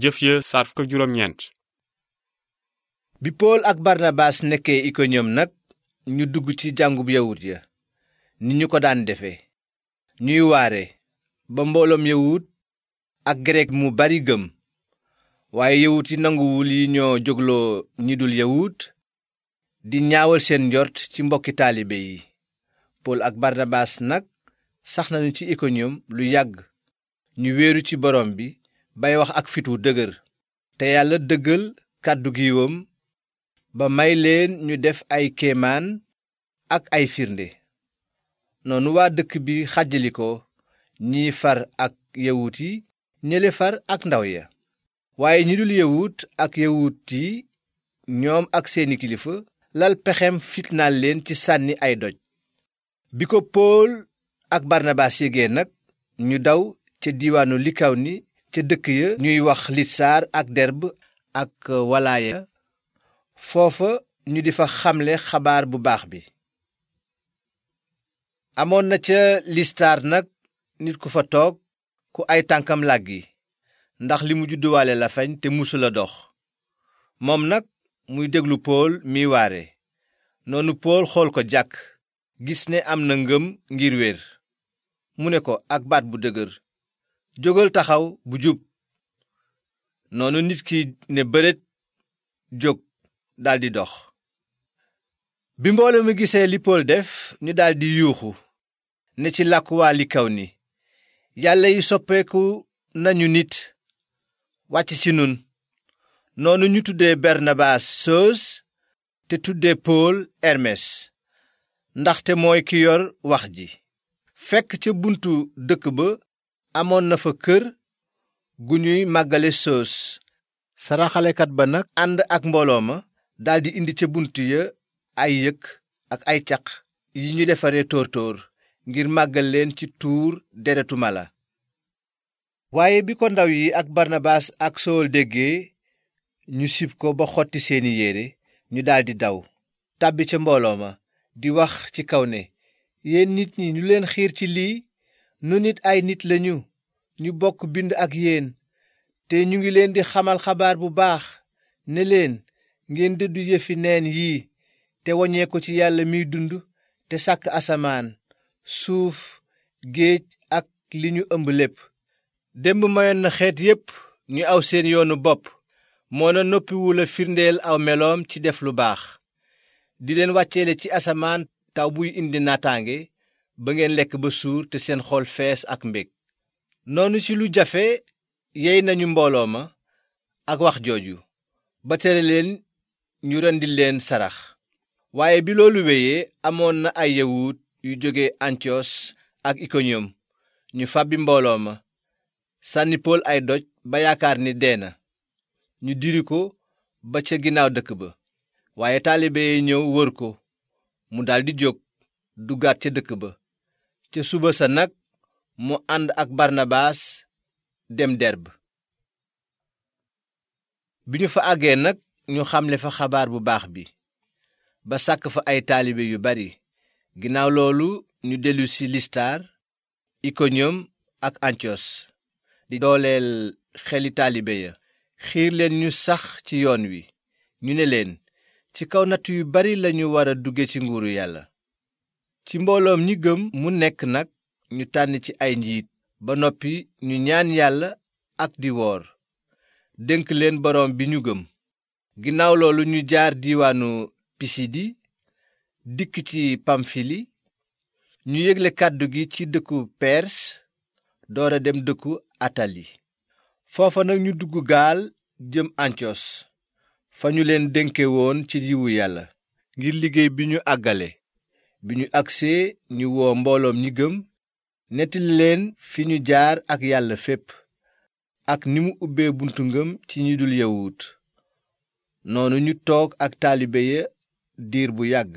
jëf ya saar fukk bi pool ak barnabaas nekkee ikoniyom nag ñu dugg ci jàngub yawut ya ni ñu ko daan defe ñuy waare ba mbooloom yawut ak grek mu bari gëm waaye yawut yi nanguwul yi ñoo jógloo ñi dul yawut di ñaawal seen njort ci mbokki taalibe yi pool ak barnabaas nag sax nañu ci ikoniyom lu yàgg ñu wéeru ci borom bi bay wax ak fit wu dëgër te yàlla dëggal kàddu gi giiwam ba may leen ñu def ay kéemaan ak ay firnde noonu waa dëkk bi xàjjali ko ñii far ak yawut yi ñële far ak ndaw ya waaye ñu dul yawut ak yawut yi ñoom ak seeni kilifa lal pexem fit fitnaal leen ci sànni ay doj bi ko pool ak barnabaas yégee nag ñu daw ca diwaanu likaw ni ca dëkk ya ñuy wax litsaar ak derb ak euh, walaaya foofa ñu di fa xamle xabaar bu baax bi amoon na ca listar nag nit ku fa toog ku ay tànkam làggi ndax li mu judduwaale la fañ te musula dox moom nag muy déglu pool mi noonu pool xool ko jàkk gis ne am na ngëm ngir wér mu ne ko ak baat bu dëgër jógal taxaw bu jub noonu nit ki ne bëreet jóg daldi dox bi mboole mi gisee li Pool def ñu daldi yuuxu ne ci làkku waa li kaw ni yàlla yi soppeeku nañu nit wàcc ci nun noonu ñu tuddee Barnabaas Soos te tuddee Pool Hermes ndaxte mooy ki yor wax ji fekk ca buntu dëkk ba amoon na fa kër gu ñuy màggale soos saraxalekat ba nag ànd ak mbooloo ma daldi indi ca bunt ya ay yëkk ak ay caq yi ñu defare tóortóor ngir màggal leen ci tuur deretu mala waaye bi ko ndaw yi ak barnabaas ak sowal déggee ñu sib ko ba xotti seeni yére ñu daldi daw tàbbi ca mbooloo ma di wax ci kaw ne yéen nit ñi ñu leen xiir ci lii nu nit ay nit lañu ñu bokk bind ak yéen te ñu ngi leen di xamal xabaar bu baax ne leen ngeen dëddu yëfi neen yii te waññee ko ci yàlla miy dund te sàkk asamaan suuf géej ak li ñu ëmb lépp démb mayoon na xeet yépp ñu aw seen yoonu bopp moo na noppiwula firndeel aw meloom ci def lu baax di leen wàcceele ci asamaan taw buy indi naataange ba ngeen lekk ba suur te seen xol fees ak mbég noonu ci lu jafe yey nañu mbooloo ma ak wax jooju ba tere leen ñu rendil leen sarax waaye bi loolu wéyee amoon na ay yawut yu jóge antiyos ak ikoniyom ñu fàbbi mbooloo ma sànni pool ay doj ba yaakaar ni dee na ñu diri ko ba ca ginnaaw dëkk ba waaye taalibe yi ñëw wër ko mu daldi jóg duggaat ca dëkk ba ca suba sa nag mu ànd ak barnabaas dem derb bi ñu fa àggee nag ñu xamle fa xabaar bu baax bi ba sàkk fa ay taalibe yu bari ginnaaw loolu ñu dellu si listaar ikoniyom ak antiyos di dooleel xeli taalibe ya xiir leen ñu sax ci yoon wi ñu ne leen ci kaw natt yu bari lañu war a dugge ci nguuru yàlla ci mbooloom ñi gëm mu nekk nag ñu tànn ci ay njiit ba noppi ñu ñaan yàlla ak di woor dénk leen boroom bi ñu gëm ginnaaw loolu ñu jaar diiwaanu pisidi dikk ci pamfili ñu yégle kàddu gi ci dëkku pers doora dem dëkku atali foofa nag ñu dugg gaal jëm antiyos fa ñu leen dénke woon ci yiwu yàlla ngir liggéey bi ñu àggale bi ñu agsee ñu woo mbooloom ñi gëm nettali leen fi ñu jaar ak yàlla fépp ak ni mu ubbee buntu ngëm ci ñu dul yowut noonu ñu toog ak taalibe ya diir bu yàgg